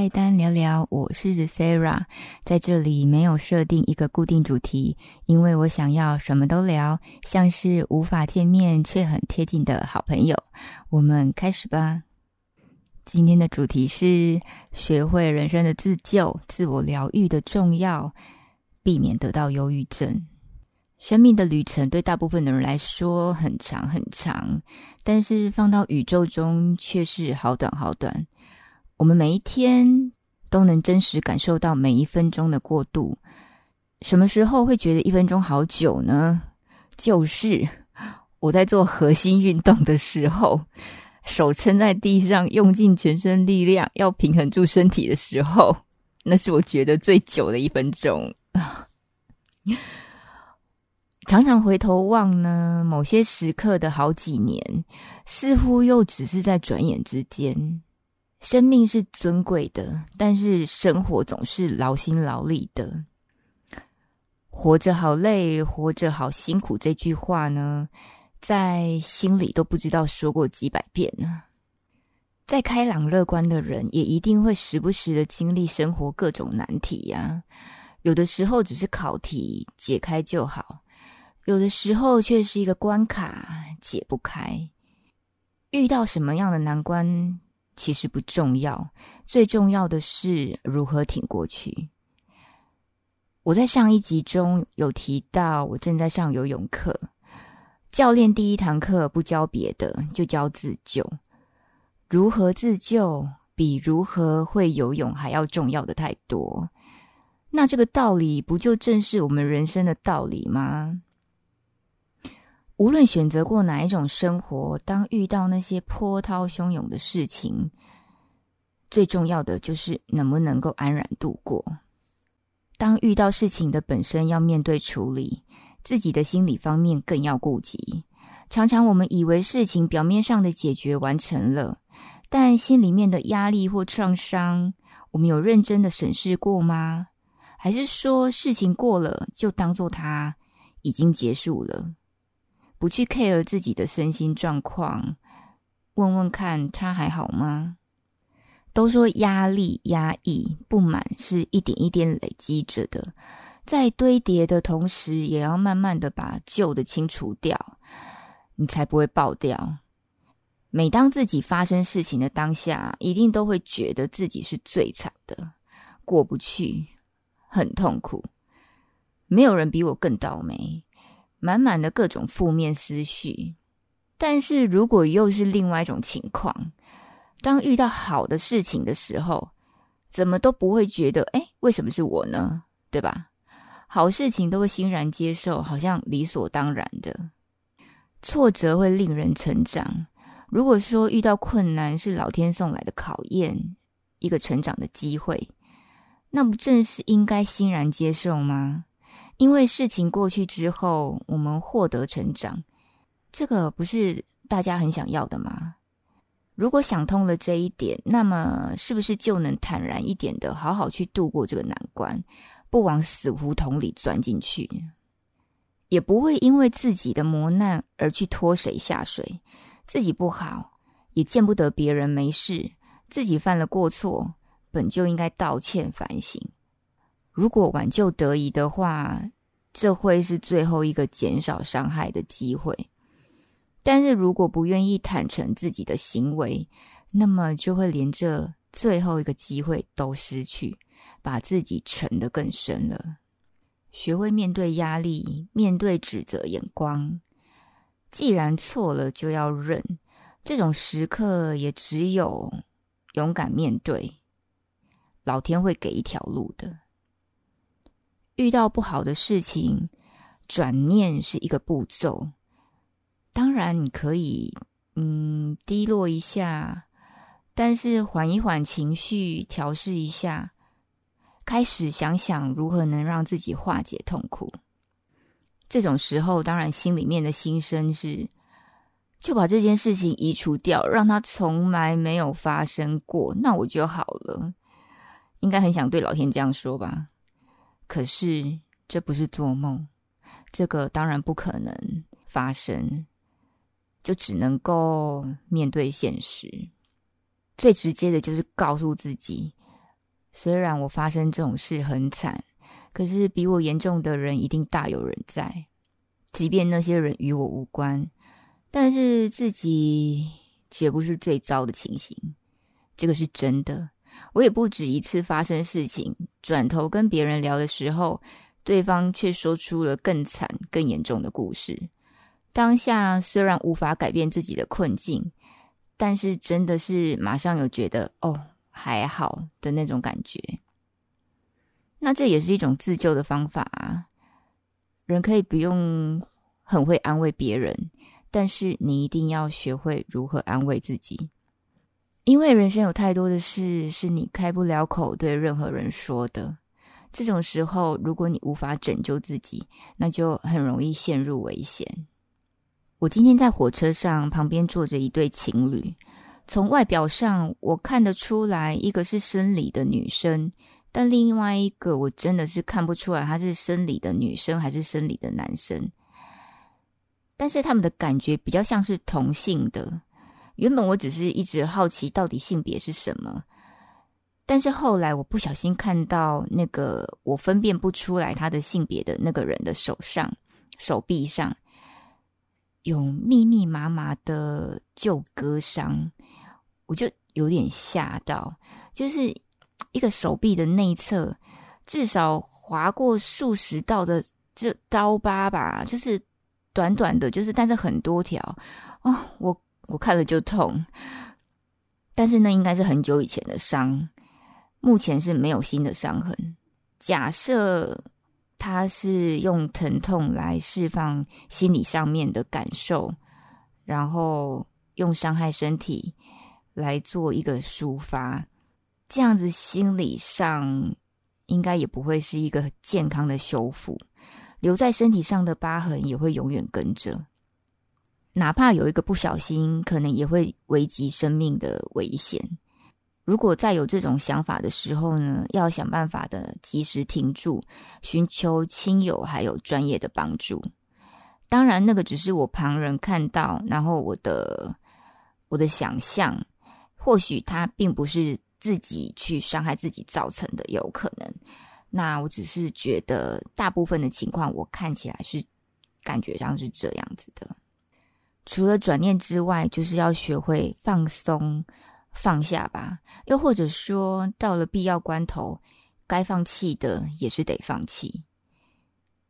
菜單聊聊，我是 Sara，在這裡沒有設定一個固定主題，因為我想要什麼都聊，像是無法見面卻很貼近的好朋友。我們開始吧。今天的主題是學會人生的自救、自我療癒的重要，避免得到憂鬱症。生命的旅程對大部分的人來說很長很長，但是放到宇宙中卻是好短好短。我們每一天都能真實感受到每一分鐘的過渡。什麼時候會覺得一分鐘好久呢？就是我在做核心運動的時候，手撐在地上，用盡全身力量要平衡住身體的時候，那是我覺得最久的一分鐘。 常常回頭望呢，某些時刻的好幾年，似乎又只是在轉眼之間。生命是尊貴的，但是生活總是勞心勞力的。活着好累，活着好辛苦。這句話呢，在心裡都不知道說過幾百遍了啊。再開朗樂觀的人，也一定會時不時的經歷生活各種難題呀啊。有的時候只是考題解開就好，有的時候卻是一個關卡解不開。遇到什麼樣的難關？其實不重要，最重要的是如何挺過去。我在上一集中有提到，我正在上游泳課，教練第一堂課不教別的，就教自救。如何自救比如何會游泳還要重要的太多。那這個道理不就正是我們人生的道理嗎？無論選擇過哪一種生活，當遇到那些波濤洶湧的事情，最重要的就是能不能夠安然度過。當遇到事情的本身要面對處理，自己的心理方面更要顧及。常常我們以為事情表面上的解決完成了，但心裡面的壓力或創傷，我們有認真的審視過嗎？還是說事情過了就當做它已經結束了？不去 care 自己的身心狀況，問問看他還好嗎？都說壓力、壓抑、不滿是一點一點累積着的，在堆疊的同時，也要慢慢的把舊的清除掉，你才不會爆掉。每當自己發生事情的當下，一定都會覺得自己是最慘的，過不去，很痛苦，沒有人比我更倒霉。滿滿的各種負面思緒，但是如果又是另外一種情況，當遇到好的事情的時候，怎麼都不會覺得，誒，為什麼是我呢？對吧？好事情都會欣然接受，好像理所當然的。挫折會令人成長。如果說遇到困難是老天送來的考驗，一個成長的機會，那不正是應該欣然接受嗎？因為事情過去之後，我們獲得成長，這個不是大家很想要的嗎？如果想通了這一點，那麼是不是就能坦然一點的好好去度過這個難關，不往死胡同裡鑽進去？也不會因為自己的磨難而去拖誰下水，自己不好，也見不得別人沒事。自己犯了過錯，本就應該道歉反省。如果挽救得宜的話，這會是最後一個減少傷害的機會。但是如果不願意坦誠自己的行為，那麼就會連這最後一個機會都失去，把自己沉得更深了。學會面對壓力，面對指責眼光。既然錯了就要認，這種時刻也只有勇敢面對。老天會給一條路的。遇到不好的事情，轉念是一個步驟。當然，你可以，嗯，低落一下，但是緩一緩情緒，調試一下，開始想想如何能讓自己化解痛苦。這種時候，當然心裡面的心聲是，就把這件事情移除掉，讓它從來沒有發生過，那我就好了。應該很想對老天這樣說吧。可是，這不是做夢，這個當然不可能發生，就只能夠面對現實。最直接的就是告訴自己，雖然我發生這種事很慘，可是比我嚴重的人一定大有人在。即便那些人與我無關，但是自己絕不是最糟的情形。這個是真的。我也不止一次發生事情，轉頭跟別人聊的時候，對方卻說出了更慘、更嚴重的故事。當下雖然無法改變自己的困境，但是真的是馬上有覺得“哦，還好”的那種感覺。那這也是一種自救的方法啊！人可以不用很會安慰別人，但是你一定要學會如何安慰自己。因為人生有太多的事是你開不了口對任何人說的。這種時候，如果你無法拯救自己，那就很容易陷入危險。我今天在火車上，旁邊坐着一對情侶。從外表上，我看得出來，一個是生理的女生，但另外一個我真的是看不出來，她是生理的女生還是生理的男生。但是他們的感覺比較像是同性的。原本我只是一直好奇到底性別是什麼，但是後來我不小心看到那個我分辨不出來他的性別的那個人的手上、手臂上有密密麻麻的舊割傷，我就有點嚇到。就是一個手臂的內側至少劃過數十道的就刀疤吧，就是短短的，就是但是很多條啊、哦，我。我看了就痛，但是那應該是很久以前的傷，目前是沒有新的傷痕。假設他是用疼痛來釋放心理上面的感受，然後用傷害身體來做一個抒發，這樣子心理上應該也不會是一個健康的修復，留在身體上的疤痕也會永遠跟着。哪怕有一個不小心，可能也會危及生命的危險。如果再有這種想法的時候呢，要想辦法的及時停住，尋求親友還有專業的幫助。當然，那個只是我旁人看到，然後我的我的想象，或許他並不是自己去傷害自己造成的，有可能。那我只是覺得，大部分的情況，我看起來是感覺上是這樣子的。除了轉念之外，就是要學會放鬆、放下吧。又或者說，到了必要關頭，該放棄的也是得放棄。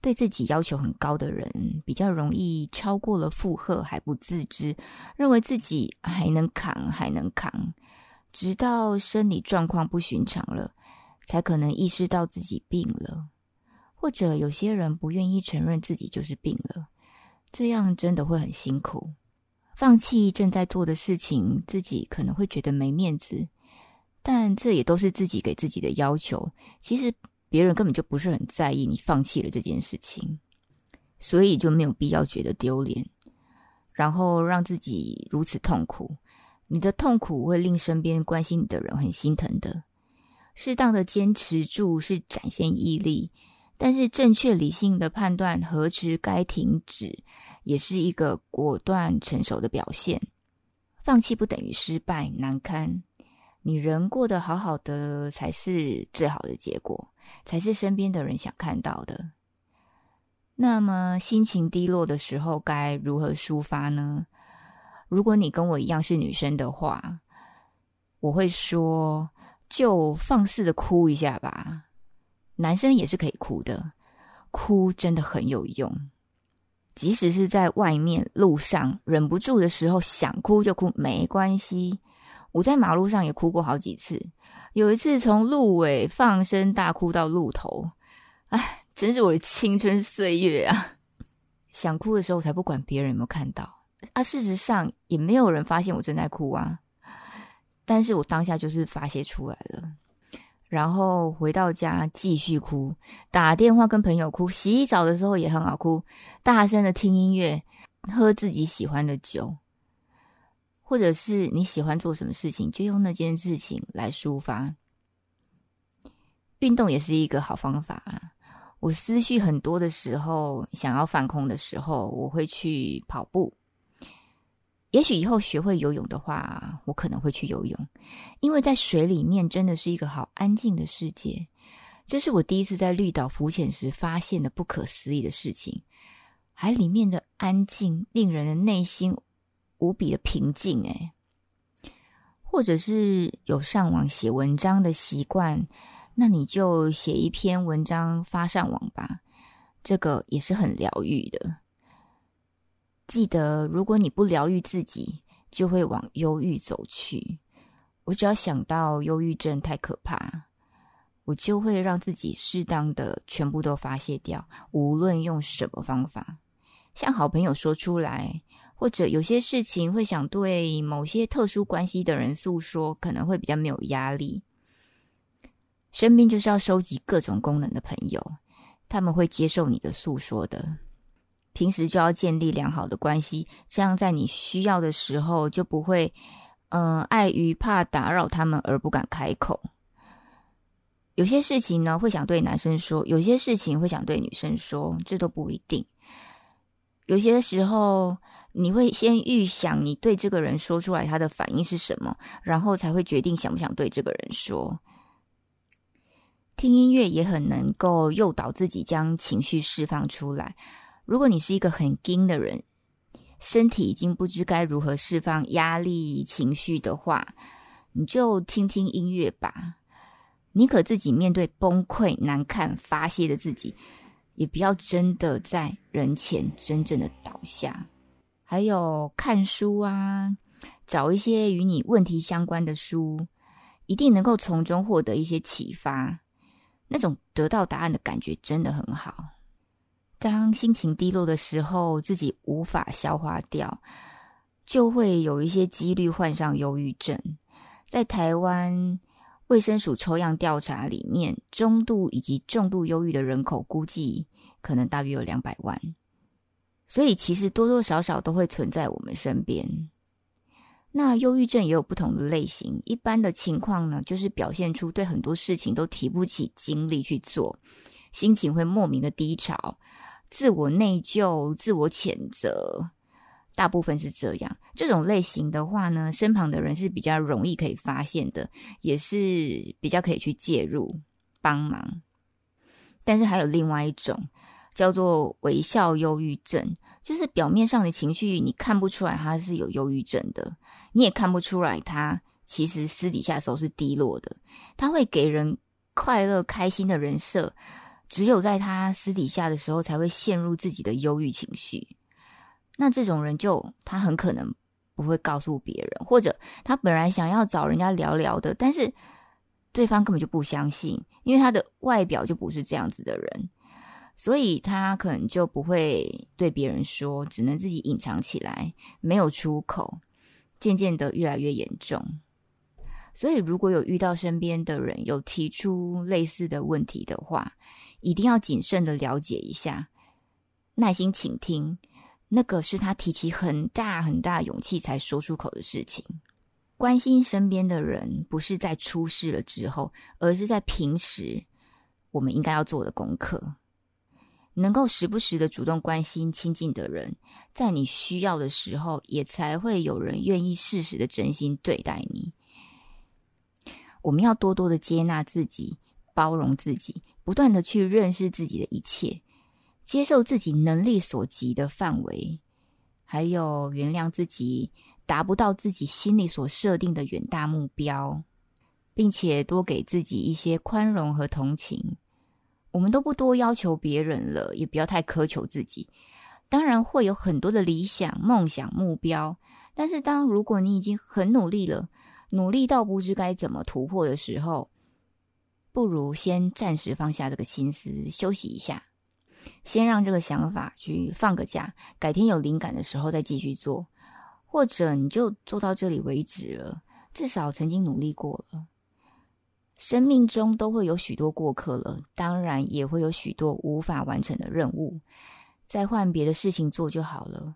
對自己要求很高的人，比較容易超過了負荷還不自知，認為自己還能扛還能扛，直到生理狀況不尋常了，才可能意識到自己病了。或者有些人不願意承認自己就是病了。這樣真的會很辛苦，放棄正在做的事情，自己可能會覺得沒面子，但這也都是自己給自己的要求。其實別人根本就不是很在意你放棄了這件事情，所以就沒有必要覺得丟臉，然後讓自己如此痛苦。你的痛苦會令身邊關心你的人很心疼的。適當的堅持住是展現毅力。但是，正確理性的判斷，何時該停止，也是一個果斷成熟的表現。放棄不等於失敗難堪，你人過得好好的才是最好的結果，才是身邊的人想看到的。那麼，心情低落的時候該如何抒發呢？如果你跟我一樣是女生的話，我會說，就放肆的哭一下吧。男生也是可以哭的，哭真的很有用。即使是在外面路上忍不住的時候，想哭就哭，沒關係。我在馬路上也哭過好幾次，有一次從路尾放聲大哭到路頭，哎，真是我的青春歲月啊！想哭的時候我才不管別人有沒有看到，啊，事實上也沒有人發現我正在哭啊，但是我當下就是發洩出來了。然後回到家繼續哭，打電話跟朋友哭，洗澡的時候也很好哭，大聲的聽音樂，喝自己喜歡的酒，或者是你喜歡做什麼事情，就用那件事情來抒發。運動也是一個好方法啊！我思緒很多的時候，想要放空的時候，我會去跑步。也許以後學會游泳的話，我可能會去游泳，因為在水裡面真的是一個好安靜的世界。這是我第一次在綠島浮潛時發現的不可思議的事情，海裡面的安靜令人的內心無比的平靜。哎，或者是有上網寫文章的習慣，那你就寫一篇文章發上網吧，這個也是很療癒的。記得，如果你不療癒自己，就會往憂鬱走去。我只要想到憂鬱症太可怕，我就會讓自己適當的全部都發洩掉，無論用什麼方法，向好朋友說出來，或者有些事情會想對某些特殊關係的人訴說，可能會比較沒有壓力。身邊就是要收集各種功能的朋友，他們會接受你的訴說的。平時就要建立良好的關係，這樣在你需要的時候就不會，嗯、呃，礙於怕打擾他們而不敢開口。有些事情呢會想對男生說，有些事情會想對女生說，這都不一定。有些時候你會先預想你對這個人說出來他的反應是什麼，然後才會決定想不想對這個人說。聽音樂也很能夠誘導自己將情緒釋放出來。如果你是一個很 ㄍㄧㄥ 的人，身體已經不知該如何釋放壓力情緒的話，你就聽聽音樂吧。寧可自己面對崩潰、難看、發泄的自己，也不要真的在人前真正的倒下。還有看書啊，找一些與你問題相關的書，一定能夠從中獲得一些啟發。那種得到答案的感覺真的很好。當心情低落的時候，自己無法消化掉，就會有一些幾率患上憂鬱症。在台灣衛生署抽樣調查裡面，中度以及重度憂鬱的人口估計可能大約有兩百萬，所以其實多多少少都會存在我們身邊。那憂鬱症也有不同的類型，一般的情況呢，就是表現出對很多事情都提不起精力去做，心情會莫名的低潮。自我內疚、自我譴責，大部分是這樣。這種類型的話呢，身旁的人是比較容易可以發現的，也是比較可以去介入幫忙。但是還有另外一種叫做微笑憂鬱症，就是表面上的情緒你看不出來他是有憂鬱症的，你也看不出來他其實私底下的時候是低落的。他會給人快樂、開心的人設。只有在他私底下的時候，才會陷入自己的憂鬱情緒。那這種人就他很可能不會告訴別人，或者他本來想要找人家聊聊的，但是對方根本就不相信，因為他的外表就不是這樣子的人，所以他可能就不會對別人說，只能自己隱藏起來，沒有出口，漸漸的越來越嚴重。所以如果有遇到身邊的人有提出類似的問題的話，一定要謹慎的了解一下，耐心傾聽，那個是他提起很大很大勇氣才說出口的事情。關心身邊的人，不是在出事了之後，而是在平時我們應該要做的功課。能夠時不時的主動關心親近的人，在你需要的時候，也才會有人願意適時的真心對待你。我們要多多的接納自己。包容自己，不斷的去認識自己的一切，接受自己能力所及的範圍，還有原諒自己達不到自己心裡所設定的遠大目標，並且多給自己一些寬容和同情。我們都不多要求別人了，也不要太苛求自己。當然會有很多的理想、夢想、目標，但是當如果你已經很努力了，努力到不知該怎麼突破的時候，不如先暫時放下這個心思，休息一下，先讓這個想法去放個假。改天有靈感的時候再繼續做，或者你就做到這裡為止了，至少曾經努力過了。生命中都會有許多過客了，當然也會有許多無法完成的任務，再換別的事情做就好了。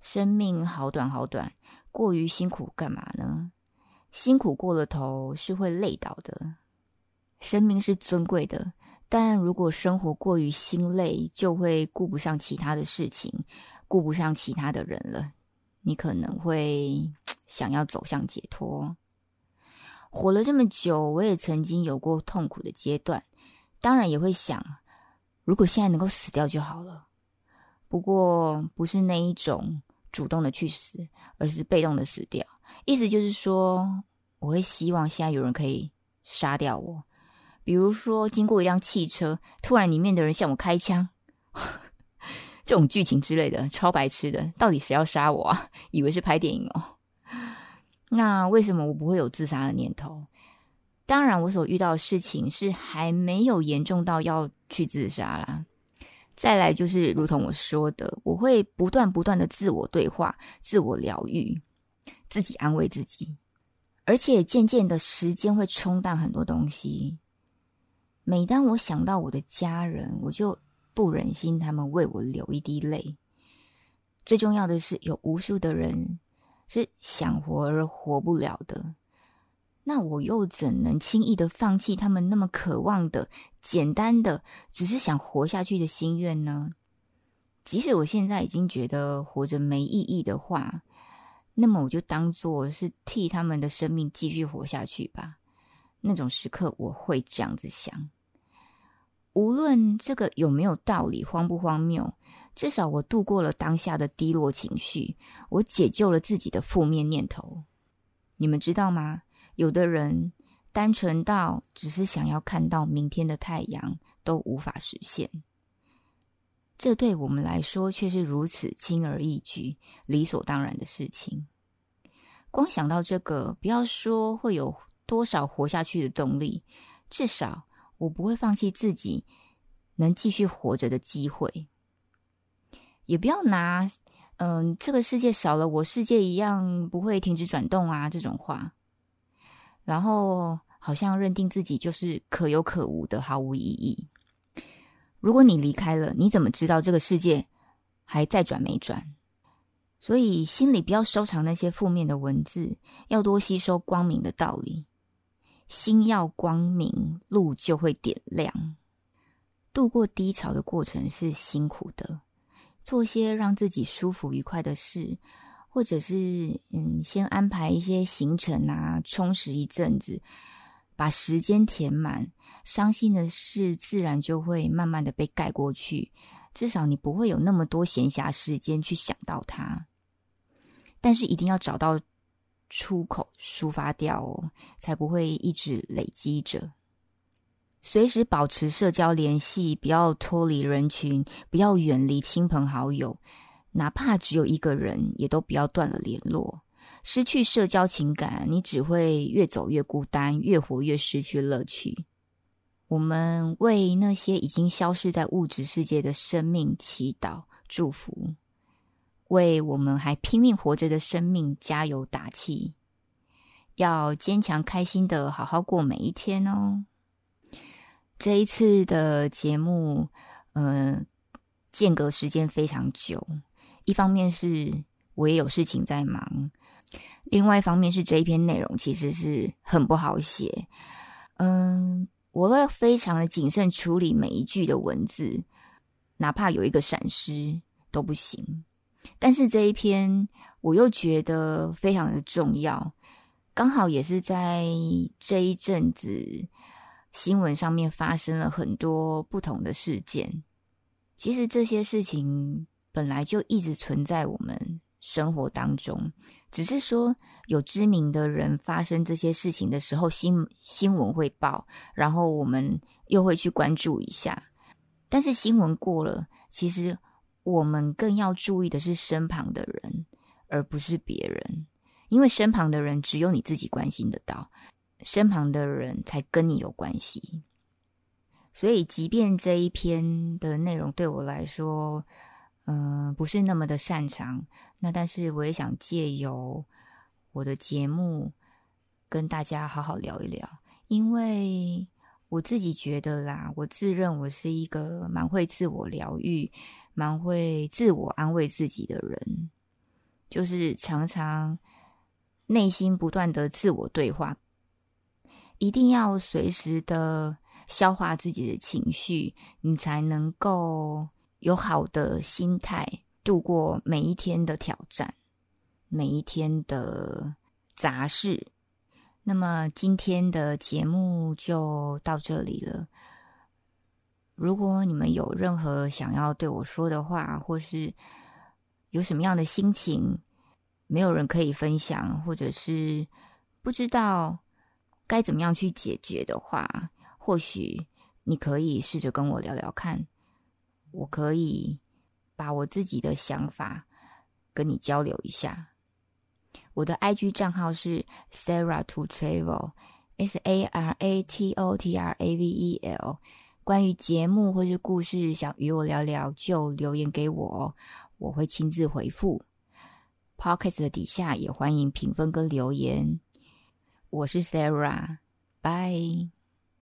生命好短好短，過於辛苦幹嘛呢？辛苦過了頭是會累倒的。生命是尊貴的，但如果生活過於心累，就會顧不上其他的事情，顧不上其他的人了。你可能會想要走向解脫。活了這麼久，我也曾經有過痛苦的階段，當然也會想，如果現在能夠死掉就好了。不過不是那一種主動的去死，而是被動的死掉。意思就是說，我會希望現在有人可以殺掉我。比如說，經過一輛汽車，突然裡面的人向我開槍， 這種劇情之類的，超白痴的。到底誰要殺我啊？以為是拍電影哦？那為什麼我不會有自殺的念頭？當然，我所遇到的事情是還沒有嚴重到要去自殺啦。再來就是，如同我說的，我會不斷不斷的自我對話、自我療癒，自己安慰自己，而且漸漸的時間會沖淡很多東西。每當我想到我的家人，我就不忍心他們為我流一滴淚。最重要的是，有無數的人是想活而活不了的，那我又怎能輕易的放棄他們那麼渴望的、簡單的只是想活下去的心願呢？即使我現在已經覺得活着沒意義的話，那麼我就當作是替他們的生命繼續活下去吧。那種時刻，我會這樣子想。無論這個有沒有道理，荒不荒謬，至少我度過了當下的低落情緒，我解救了自己的負面念頭。你們知道嗎？有的人單純到只是想要看到明天的太陽都無法實現，這對我們來說卻是如此輕而易舉、理所當然的事情。光想到這個，不要說會有多少活下去的動力，至少。我不會放棄自己能繼續活着的機會，也不要拿“嗯、呃，這個世界少了我，世界一樣不會停止轉動啊”這種話，然後好像認定自己就是可有可無的，毫無意義。如果你離開了，你怎麼知道這個世界還在轉沒轉？所以心裡不要收藏那些負面的文字，要多吸收光明的道理。心要光明，路就會點亮。度過低潮的過程是辛苦的，做些讓自己舒服愉快的事，或者是嗯，先安排一些行程啊，充實一陣子，把時間填滿，傷心的事自然就會慢慢的被蓋過去。至少你不會有那麼多閒暇時間去想到它。但是一定要找到。出口抒發掉哦，才不會一直累積着。隨時保持社交聯繫，不要脫離人群，不要遠離親朋好友，哪怕只有一個人，也都不要斷了聯絡。失去社交情感，你只會越走越孤單，越活越失去樂趣。我們為那些已經消失在物質世界的生命祈禱祝福。為我們還拼命活着的生命加油打氣，要堅強、開心的好好過每一天哦！這一次的節目，呃，間隔時間非常久，一方面是我也有事情在忙，另外一方面是這一篇內容其實是很不好寫，嗯、呃，我會非常的謹慎處理每一句的文字，哪怕有一個閃失都不行。但是這一篇我又覺得非常的重要，剛好也是在這一陣子新聞上面發生了很多不同的事件。其實這些事情本來就一直存在我們生活當中，只是說有知名的人發生這些事情的時候，新新聞會報，然後我們又會去關注一下。但是新聞過了，其實。我們更要注意的是身旁的人，而不是別人，因為身旁的人只有你自己關心得到，身旁的人才跟你有關係。所以，即便這一篇的內容對我來說，嗯、呃，不是那麼的擅長，那但是我也想借由我的節目跟大家好好聊一聊，因為我自己覺得啦，我自認我是一個蠻會自我療癒，蠻會自我安慰自己的人，就是常常內心不斷的自我對話，一定要隨時的消化自己的情緒，你才能夠有好的心態度過每一天的挑戰，每一天的雜事。那麼今天的節目就到這裡了。如果你們有任何想要對我說的話，或是有什麼樣的心情，沒有人可以分享，或者是不知道該怎麼樣去解決的話，或許你可以試着跟我聊聊看。我可以把我自己的想法跟你交流一下。我的 IG 賬號是 saratotravel，S A R A T O T R A V E L。關於節目或是故事，想與我聊聊，就留言給我，我會親自回復。Podcast 的底下也歡迎評分跟留言。我是 Sara，拜。